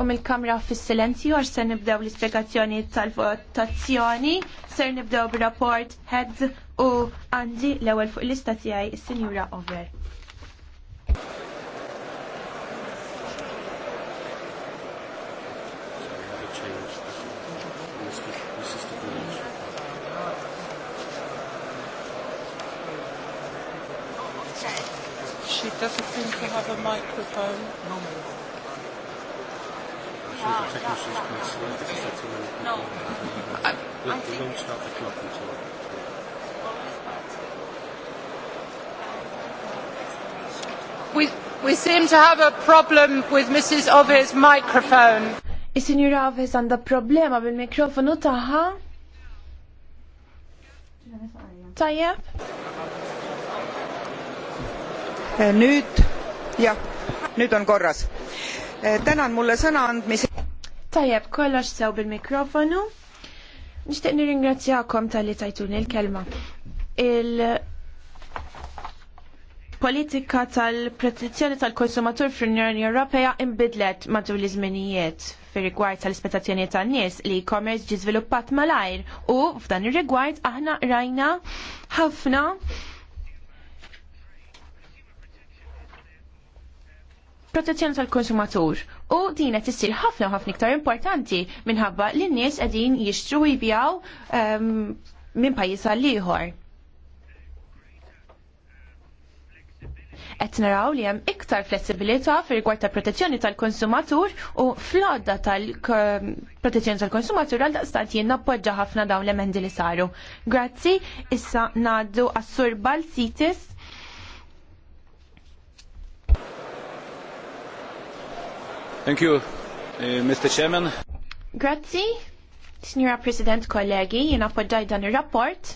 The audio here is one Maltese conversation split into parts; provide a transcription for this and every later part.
um il kamra fil silenzju għax se nibdew l-ispjegazzjoni tal-votazzjoni, ser nibdew b'rapport heads u Andi l-ewwel fuq l-lista tiegħi is-Sinjura Over. She doesn't seem to have a microphone. No, no. We seem to have a problem with Mrs. Ove's microphone. Is-Sinjura Oves għandha problema bil-mikrofonu tagħha? Tajjeb? Eh, nüüd, jah, nüüd on korras. Eh, tänan mulle sõna andmise Tajab, kollox sew bil-mikrofonu. Nixtieq nirringrazzjakom tal-li tajtuni l-kelma. Il- politika tal-protezzjoni tal-konsumatur fl-Unjoni Ewropea imbidlet matul iż-żminijiet fir-rigward tal-ispettazzjoni tan-nies li e-commerce ġi żviluppat malajr u f'dan ir-rigward aħna rajna ħafna protezzjoni tal-konsumatur u din qed issir ħafna u ħafna iktar importanti minħabba li n-nies qegħdin jixtru jibjaw um, minn pajjiż għal ieħor. qed naraw li hemm iktar flessibilità fir-rigward ta' protezzjoni tal-konsumatur u flodda tal-protezzjoni tal-konsumatur għal daqstant jien nappoġġa ħafna dawn l-emendi li saru. Grazzi, issa ngħaddu għas-sur Sitis Thank you, uh, Mr. Chairman. Grazzi, Signora President, kollegi, jina appoġġaj dan il-rapport.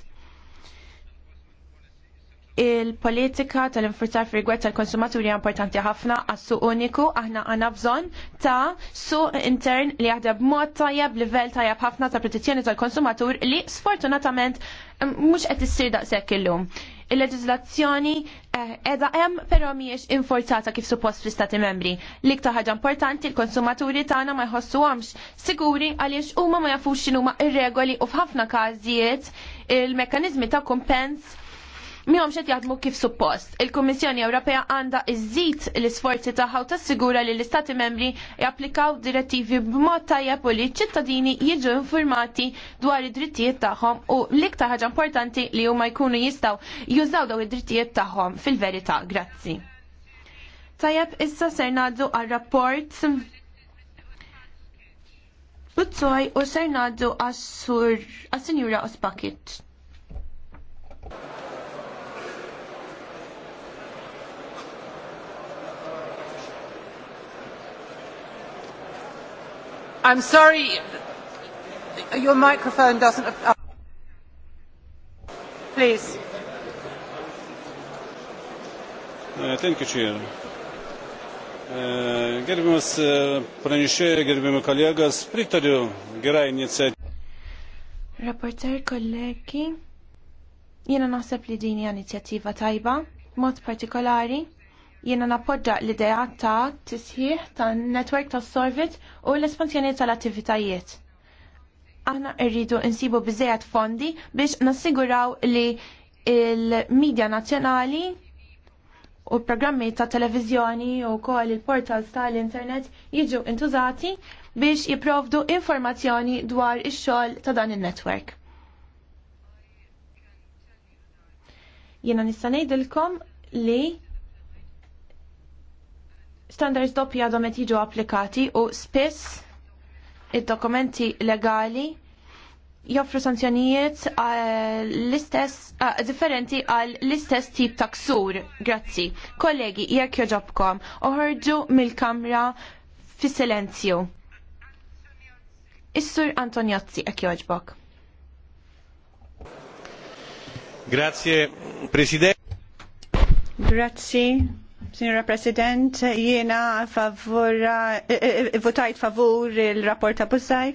Il-politika tal-infurzar frigwet tal-konsumaturi importanti ħafna għas-suq uniku aħna għana bżon ta' suq intern li jaħdem b'mod tajjeb, livell tajjeb ħafna ta' protezzjoni tal-konsumatur li sfortunatament mm, mhux qed issir daqshekk illum. Il-leġizlazzjoni eh, edha hemm però mhijiex infurzata kif suppost fl-Istati membri. L-iktar ħaġa importanti l-konsumaturi tagħna ma jħossuhomx siguri għaliex huma ma jafux x'inhuma ir-regoli u f'ħafna każijiet il-mekkaniżmi ta' kumpens mihom xed jaħdmu kif suppost. Il-Kummissjoni Ewropea għandha iżżid l-isforzi tagħha u tassigura li l-Istati membri japplikaw direttivi b'mod tajjeb u li ċ-ċittadini jiġu informati dwar id-drittijiet tagħhom u l-iktar ħaġa importanti li huma jkunu jistgħu jużaw daw id-drittijiet tagħhom fil-verità. Grazzi. Tajab, issa ser naddu għal rapport Buzzoj u ser naddu għas-sur għas-sinjura Ospakit. I'm sorry, your microphone doesn't... Please. Uh, thank you, Chair. Uh, uh, pranešėjai, gerbiami kolegas, pritariu gerai iniciatyvai. Rapporter kolegi, jiena naħseb li din hija tajba, partikolari Jiena nappoġġa l-idea ta' tisħiħ ta' netwerk ta' sorvit u l-espansjoni tal-attivitajiet. Aħna rridu insibu bizzejat fondi biex nassiguraw li il-medja nazzjonali u programmi ta' televizjoni u kol il-portals tal-internet jiġu intużati biex jiprovdu informazzjoni dwar ix-xogħol ta' dan il-netwerk. Jiena nista' ngħidilkom li standards doppi għadhom qed jiġu applikati u spiss id-dokumenti legali joffru sanzjonijiet eh, l-istess eh, differenti għal l-istess tip ta' ksur. Grazzi. Kollegi, jekk joġobkom, uħorġu mill-kamra fi silenzju. Is-sur Antonjozzi, jekk joġbok. Grazie, Presidente. Grazie, Signora President, jiena favura, eh, eh, votajt favur il-rapport ta' Bussaj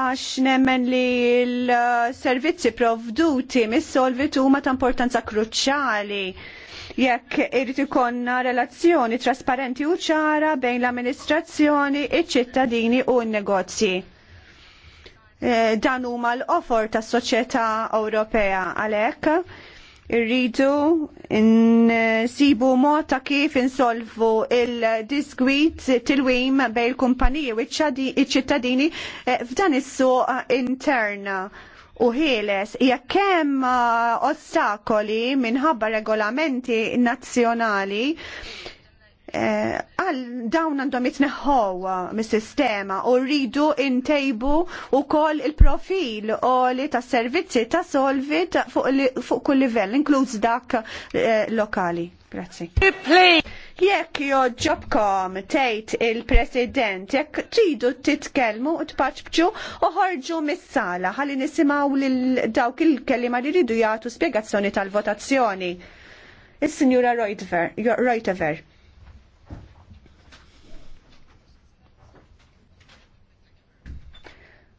għax nemmen li l-servizzi provduti mis-solvitu ma ta' importanza kruċjali jekk irrid ikonna relazzjoni trasparenti u ċara bejn l-amministrazzjoni, iċ-ċittadini u n-negozji. Eh, dan huma l-ofor tas-soċjetà Ewropea għalhekk irridu nsibu mod ta' kif insolvu il-diskwit tilwim bejn il-kumpaniji u iċ-ċittadini eh, f'dan is-suq interna u ħieles jekk hemm eh, ostakoli minħabba regolamenti nazzjonali Eh, għal dawn għandhom jitneħħow uh, mis-sistema u rridu intejbu u kol il-profil u li ta' servizzi ta' solvit fuq kull livell, inkluż dak eh, lokali. Grazzi. Jekk joġobkom tgħid il-President, jekk tridu titkellmu u tpaċbċu u ħorġu mis-sala ħalli nisimgħu lil dawk il kelima li jridu jagħtu spjegazzjoni tal-votazzjoni. Is-Sinjura Reutever.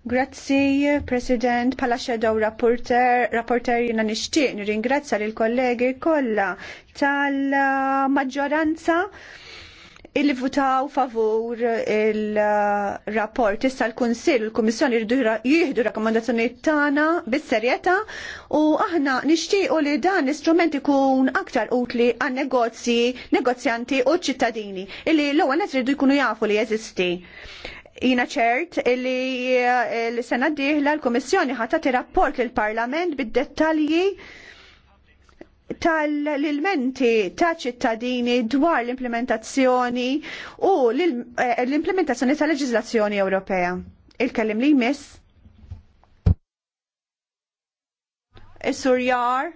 Grazzi, President, pala xedaw Rapporter, Rapporter jina nishtiq, nirringrazzja l kollegi kolla tal-maġġoranza li votaw favur il-rapport. Issa l-Kunsil, l-Kommissjoni jihdu rakkomandazzjoni tagħna bis-serjetà u aħna nixtiequ li dan l-istrument ikun aktar utli għan negozji, negozjanti u ċittadini illi l-ewwel nett jridu jkunu jafu li jeżisti. Ina ċert li eh, l-sena diħla l-Komissjoni ħatati rapport l-Parlament bid-dettalji tal-ilmenti ta' ċittadini dwar l-implementazzjoni u eh, l-implementazzjoni tal-leġizlazzjoni Ewropea. Il-kellim li jmiss? Is-surjar?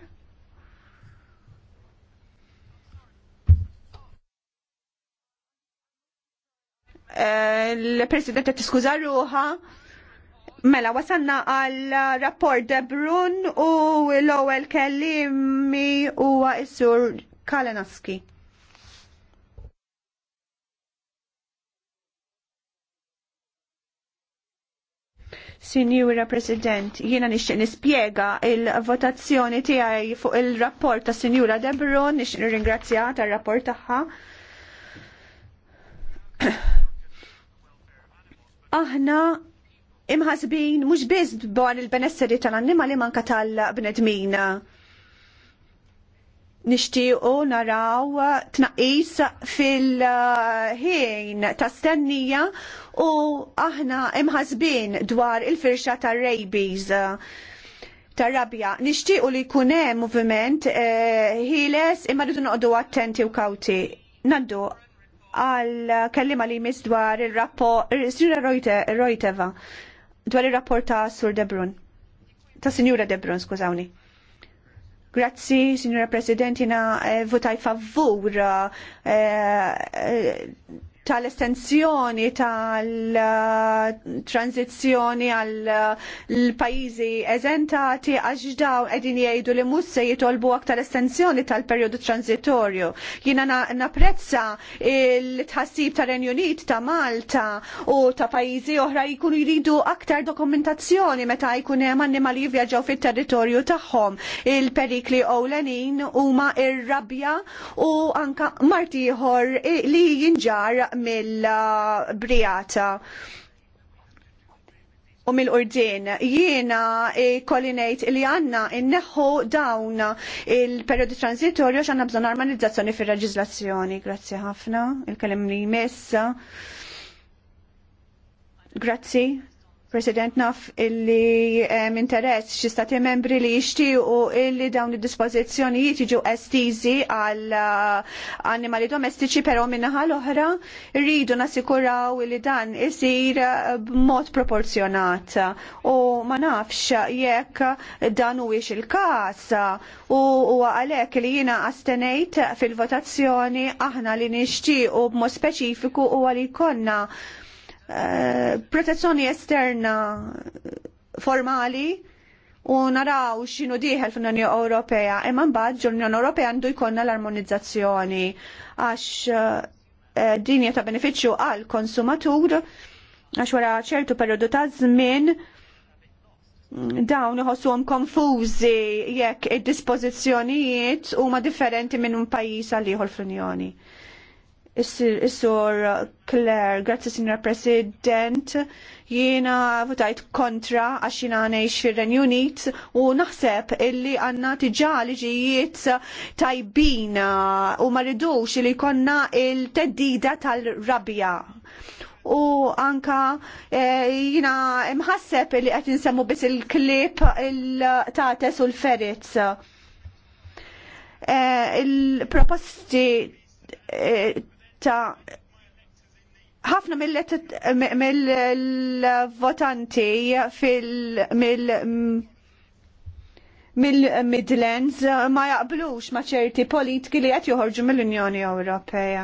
l-Presidenta tiskuża ruħa. Mela, wasanna għal rapport de Brun u l-ewwel kellimi huwa s-sur Kalenaski. Sinjura President, jiena nixtieq nispjega il-votazzjoni tiegħi fuq il-rapport ta' Sinjura Debron, nixtieq nirringrazzja tar rapport tagħha aħna imħasbin mhux biss dwar il-benesseri tal-annimali manka tal-bnedmin. Nixtiequ naraw tnaqqis fil-ħin ta' stennija u aħna imħasbin dwar il-firxa tar-rabies tar-rabja. Nixtiequ li jkun hemm moviment eh, ħiles imma rridu noqogħdu attenti u kawti. Naddu għal kellima li jmiss dwar il-rapport, Sra. Rojteva, dwar il-rapport ta' Sur Debrun, ta' Sinjura Debrun, skużawni. Grazzi, Signora Presidentina eh, votaj favur eh, eh, tal-estensjoni tal-tranzizjoni għal-pajizi eżentati għax daw edin jgħidu li mus se jitolbu aktar estensjoni tal-periodu transitorju. Jina naprezza il-tħassib ta' Renjunit ta' Malta u ta' pajizi oħra jkunu jridu aktar dokumentazzjoni meta jkun hemm annimali jivvjaġġaw fit-territorju tagħhom. Il-perikli ewlenin huma ir-rabja u anka martiħor li jinġar mill-brijata u mill-urdin. Jiena eh, kollinejt li għanna inneħu dawn il-periodi transitorju għanna bżon armanizzazzjoni fil reġislazzjoni Grazzi ħafna, il-kelem li jmess. Grazzi, President naf illi um, interess xi stati membri li jixtiequ illi dawn id-dispożizzjonijiet jiġu estiżi għal uh, annimali domestiċi però minnaħa l-oħra rridu nassikuraw illi dan isir uh, b'mod proporzjonat u ma nafx jekk dan huwiex il-każ u huwa għalhekk li jiena astenejt fil-votazzjoni aħna li nixtiequ b'mod speċifiku huwa li jkollna Eh, protezzjoni esterna formali u naraw x'inhu dieħel fl-Unjoni Ewropea imma mbagħad l-Unjoni Ewropea għandu jkollna l-armonizzazzjoni għax eh, din hija ta' benefiċċju għall konsumatur għax wara ċertu perjodu ta' żmien dawn iħossuhom konfużi jekk id-dispożizzjonijiet huma differenti minn pajjiż għal ieħor fl-Unjoni. Is-sur Claire, grazzi signor President, jiena votajt kontra għax jiena għanejx ir-Renju Unit u naħseb illi għanna tiġa liġijiet tajbin u ma ridux li konna il-teddida tal-rabja. U anka eh, jiena jina imħasseb li qed insemmu biss il-klip il-tates u l ferits eh, Il-proposti eh, ta' ħafna mill-votanti fil- mill midlands ma jaqblux ma ċerti politiki li qed joħorġu mill-Unjoni Ewropea.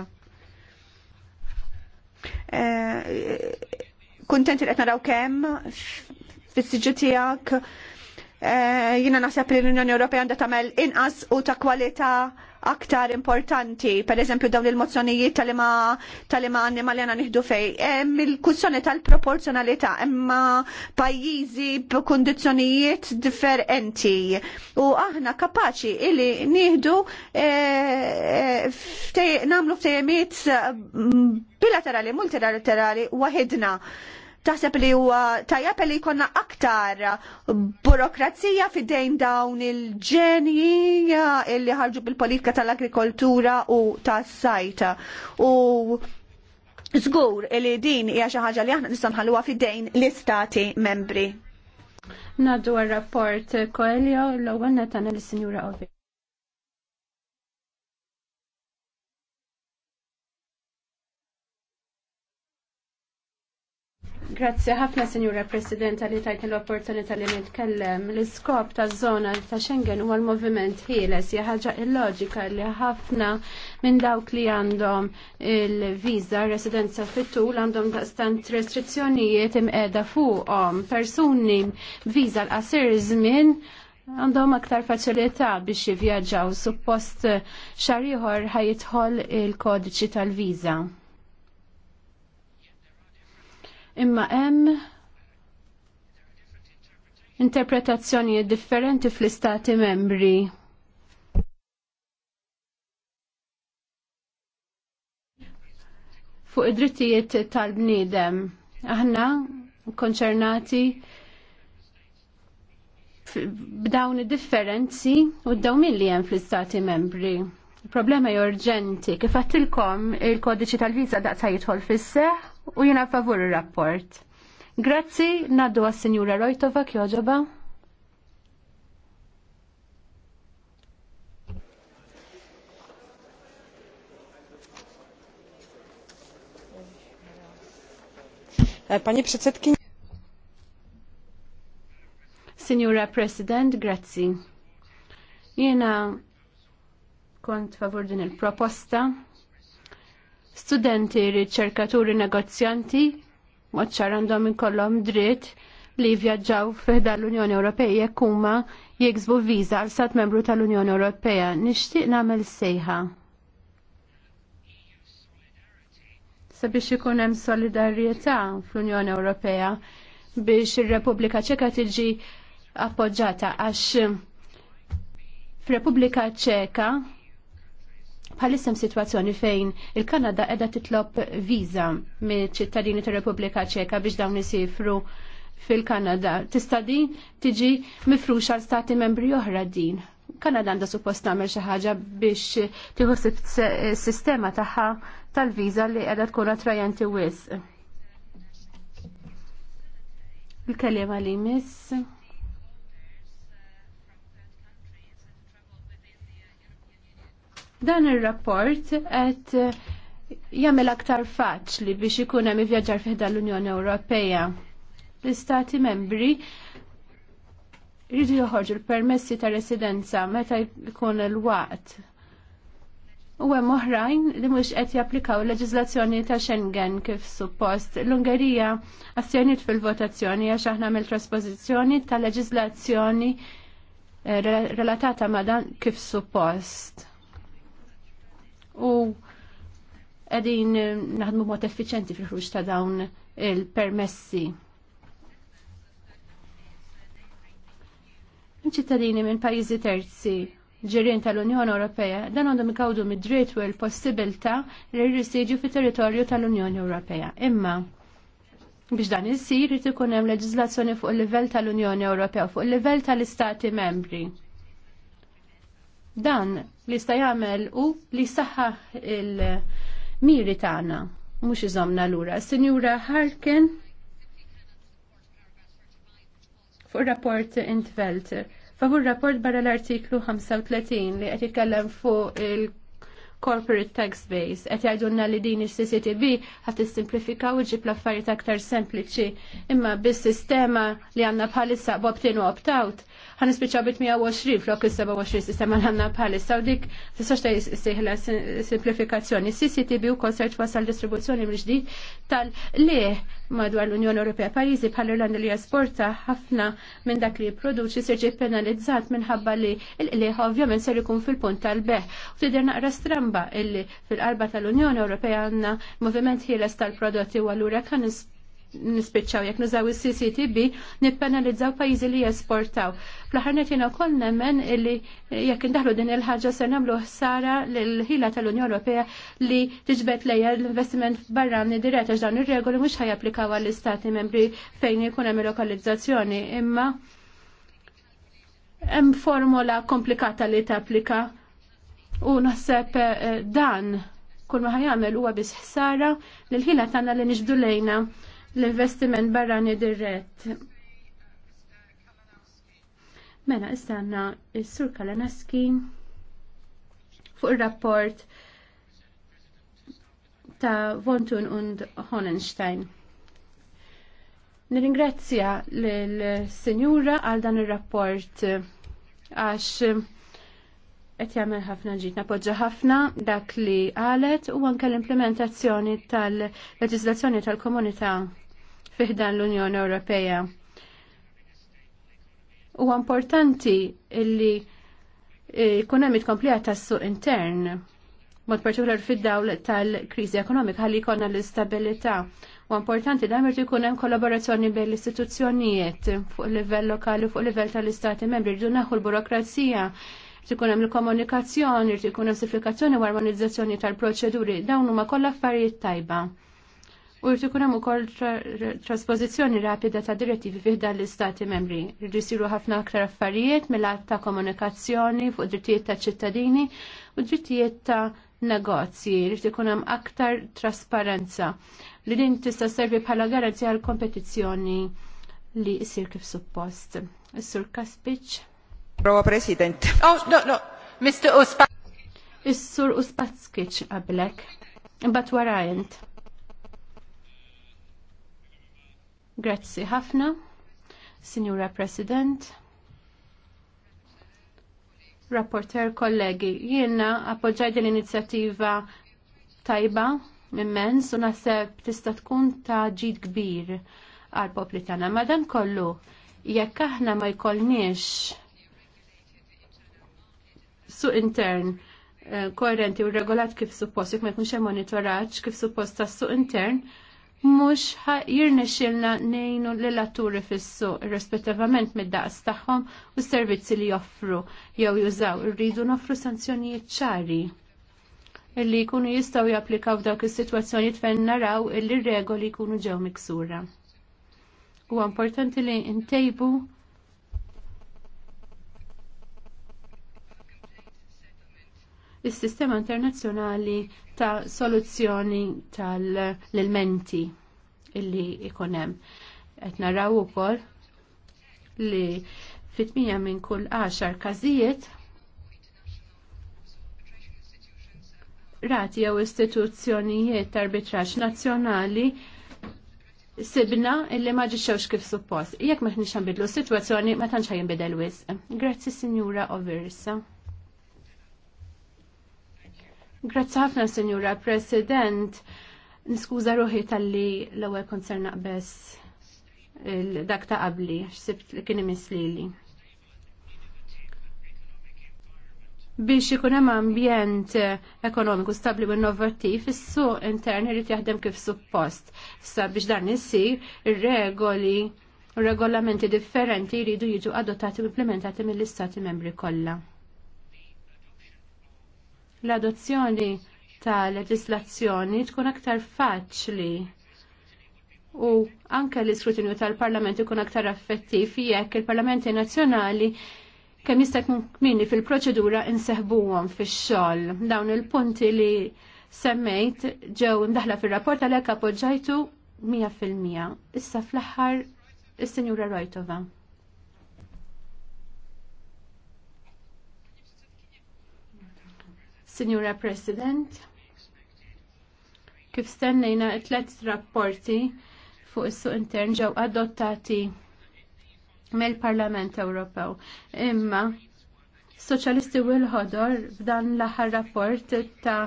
Eh, kuntenti li qed naraw kemm fis-siġu tiegħek eh, jiena naħseb li l-Unjoni Ewropea għandha tagħmel inqas u ta' kwalità aktar importanti, per eżempju dawn il-mozzjonijiet tal-ima għanni ma li għana nihdu fej, hemm il-kussjoni tal-proporzjonalità, imma pajjiżi b'kundizzjonijiet differenti u aħna kapaċi illi nieħdu e, eh, eh, namlu ftejemiet mm, bilaterali, multilaterali waħedna. Taħseb li huwa tajjeb li jkollna aktar burokrazija fidejn dawn il-ġenji illi ħarġu bil-politika tal-agrikoltura u tas-sajt. U żgur li din hija xi ħaġa li aħna nista' nħalluha fidejn l-istati membri. Naddu għal rapport Coelho l-ewwel netan lis-Sinjura Ovi. Grazzi ħafna, Signora Presidenta li tajtni l-opportunità li nitkellem. L-iskop ta' zona ta' Schengen huwa l-moviment ħieles ħaġa il-loġika li ħafna minn dawk li għandhom il-viza, residenza fit-tul għandhom daqstant restrizzjonijiet imqeda fuqhom. Persuni viza l-qasir żmien għandhom aktar faċilità biex jivvjaġġaw suppost xar ieħor ħajidħol il-kodiċi tal-viża imma hemm interpretazzjonijiet differenti fl-istati membri. Fuq id-drittijiet tal-bniedem, aħna konċernati b'dawn id-differenzi u d-dawmin li hemm fl-istati membri. Il-problema jorġenti, kif għattilkom il-kodiċi tal-viza daqsa jidħol fis-seħ, u jena favur il-rapport. Grazzi, naddu għas-Sinjura Rojtova kjoġoba. Eh, Panie Przedsedki. Signora President, grazzi. Jena kont favur din il-proposta studenti, riċerkaturi, negozjanti, maċċar għandhom inkollhom dritt li vjaġġaw fiħda l-Unjoni Ewropea jekk huma jiksbu viża għal stat membru tal-Unjoni Ewropea. Nixtieq nagħmel sejħa. Sabiex ikun hemm solidarjetà fl-Unjoni Ewropea biex ir-Repubblika Ċeka tiġi appoġġata għax f'Repubblika Ċeka bħalissem situazzjoni fejn il-Kanada edha titlob viza mill ċittadini tar repubblika ċeka biex dawn isifru fil-Kanada. Tista' din tiġi mifruxa għal stati membri oħra din. Kanada għandha suppost tagħmel xi ħaġa biex tieħu sistema tagħha tal-viża li qiegħda tkun attrajanti wisq. Il-kelima li miss. Dan ir-rapport qed jagħmel aktar faċli biex ikun hemm ivvjaġġar fiħda l-Unjoni Ewropea. L-Istati membri jridu joħorġu l-permessi ta' residenza meta jkun il-waqt. U hemm oħrajn li mhux qed japplikaw leġiżlazzjoni ta' Schengen kif suppost. L-Ungerija assjoniet fil-votazzjoni għax aħna mill-trasposizzjoni ta' leġiżlazzjoni eh, relatata ma' dan kif suppost u qegħdin eh, naħdmu mod effiċenti fil-ħruġ ta' dawn il-permessi. ċittadini minn pajjiżi terzi ġirien tal-Unjoni Ewropea dan għandhom ikawdu mid-dritt u l-possibilità li jirrisiġu fit territorju tal-Unjoni Ewropea. Imma biex dan isir irid ikun hemm leġiżlazzjoni fuq il-livell tal-Unjoni Ewropea fuq il-livell tal-Istati membri. Dan li sta jagħmel u li saħħaħ il-miri tagħna mhux iżomna lura. Sinjura Harken fuq rapport Intvelt. Favur rapport barra l-artiklu 35 li qed jitkellem fuq il- corporate tax base. Et jajdunna li din il-CCTB għat simplifika u ġib l-affarijiet aktar sempliċi. Imma bis-sistema li għanna bħalissa b'opt-in u opt-out, għan ispiċaw bit 120 flok il-27 sistema li għanna bħalissa u dik tistax ta' jissihla simplifikazzjoni. CCTB u konsert wasal distribuzzjoni mġdid tal-leħ madwar l-Unjoni Ewropea Pariżi bħal Irlanda li jesporta ħafna minn dak li jipproduċi ser ġie penalizzat minħabba li l-qliħ ovvjament ser ikun fil-punt tal-beħ. U tidher naqra stramba illi fil-qalba tal-Unjoni Ewropea għandna moviment ħieles tal-prodotti u allura kan nispiċċaw jekk nużaw is-CCTB nippenalizzaw pajjiżi li jesportaw. Fl-aħħar jiena wkoll nemmen illi jekk indaħlu din il-ħaġa se nagħmlu ħsara lill-ħila tal-Unjoni Ewropea li tiġbed lejja l-investiment barrani diretta għax dawn ir-regoli mhux ħajapplikaw għall-istati membri fejn jkun hemm lokalizzazzjoni imma hemm formula komplikata li tapplika u naħseb eh, dan kull ma ħajamel huwa biss ħsara lil ħila tagħna li nixbdu lejna l-investiment barrani dirett. Mela, istanna il-Sur Kalanaski fuq il-rapport ta' Vontun und Honenstein. Nirringrazzja l-Senjura għal dan il-rapport għax qed jagħmel ħafna ġid napoġġa ħafna dak li qalet u anke l-implementazzjoni tal leġislazzjoni tal-komunità fiħdan l-Unjoni Ewropea. U importanti illi eh, kun hemm itkomplija tas-suq intern mod partikolar fid-dawl tal-kriżi ekonomika ħalli jkollna l-istabilità. U importanti da irid ikun hemm kollaborazzjoni bejn l-istituzzjonijiet fuq livell lokali fuq livell tal-istati membri rridu naħu l-burokrazija ikun hemm il-komunikazzjoni, ikun hemm sifikazzjoni u armonizzazzjoni tal-proċeduri, dawn huma kollha affarijiet tajba. U jirtu kunem u koll trasposizjoni rapida ta' direttivi fiħda l-istati membri. Rrisiru ħafna aktar affarijiet mill-att ta' komunikazzjoni fuq drittijiet ta' ċittadini u drittijiet ta' negozji. Jirtu kunem aktar trasparenza. Li din tista' servi bħala garanzija għal kompetizzjoni li jisir kif suppost. Is-sur Kaspiċ. Prova President. Oh, no, no. Mr. Uspa. Is-sur Uspatskic qablek. Imbagħad warajent. Grazzi ħafna, Signora President. Rapporter kollegi, jiena appoġġaj din l-inizjattiva tajba immens u naħseb tista' tkun ta' ġid kbir għal popli tagħna. Madan kollu, jekk aħna ma jkollniex suq intern eh, koerenti u regolat kif suppost, jekk ma jkunx hemm monitoraġġ kif suppost tas suq intern, mux jirnexilna nejnu l-atturi fissu rispettivament mid-daqs tagħhom u s-servizzi li joffru jew jużaw irridu noffru sanzjonijiet ċari illi jkunu jistaw japplikaw dawk is sitwazzjoni fejn naraw illi regoli jkunu ġew miksura. Huwa importanti li ntejbu is-sistema internazzjonali ta' soluzzjoni tal-elementi illi ikonem. Et naraw ukoll li fitmija minn kull 10 każijiet rati jew istituzzjonijiet arbitraġġ nazzjonali sibna illi ma ġixxewx kif suppost. Jekk meħniex nbidlu s-sitwazzjoni ma tantx ħajinbidel wisq. Grazzi Sinjura Oversa. Grazzi ħafna, Signora President. Niskuża ruħi tal-li l-ewwel konzern naqbes dak ta' qabli, x'sibt li kien imislili. Biex ikun hemm ambjent ekonomiku stabbli u innovattiv, is-suq intern irid jaħdem kif suppost. Sa biex dan isir, ir-regoli u regolamenti differenti jridu jiġu adottati u implementati mill-istati membri kollha l-adozzjoni ta' leġislazzjoni tkun aktar faċli u anke l-iskrutinju tal-Parlament ikun aktar effettiv jekk il-Parlamenti Nazzjonali kemm jista' jkun kmieni fil-proċedura inseħbuhom fix-xogħol. Dawn il-punti li semmejt ġew ndaħla fir-rapport għalhekk appoġġajtu 100%. Issa fl-aħħar is-Sinjura Rojtova. Signora President, kif stennejna tlet rapporti fuq is-suq intern ġew adottati mill-Parlament Ewropew. Imma Soċjalisti u l-ħodor f'dan l-aħħar rapport ta'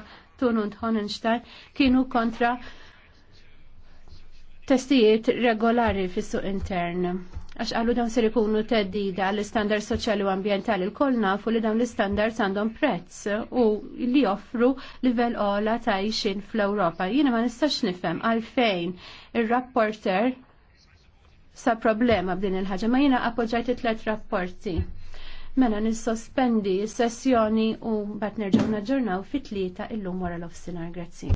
Tunund Honenstein kienu kontra testijiet regolari fis-suq intern għax għallu dawn ser ikunu teddida l standard soċjali u ambientali l-koll nafu li dawn l standard għandhom prezz u li joffru livell ola ta' ixin fl-Ewropa. Jiena ma nistax nifhem għalfejn ir-rapporter sa' problema b'din il-ħaġa, ma jiena appoġġajt it-tlet rapporti. Mela nissospendi s sessjoni u bat nerġgħu naġġornaw fit-tlieta illum wara l-ofsinar. Grazzi.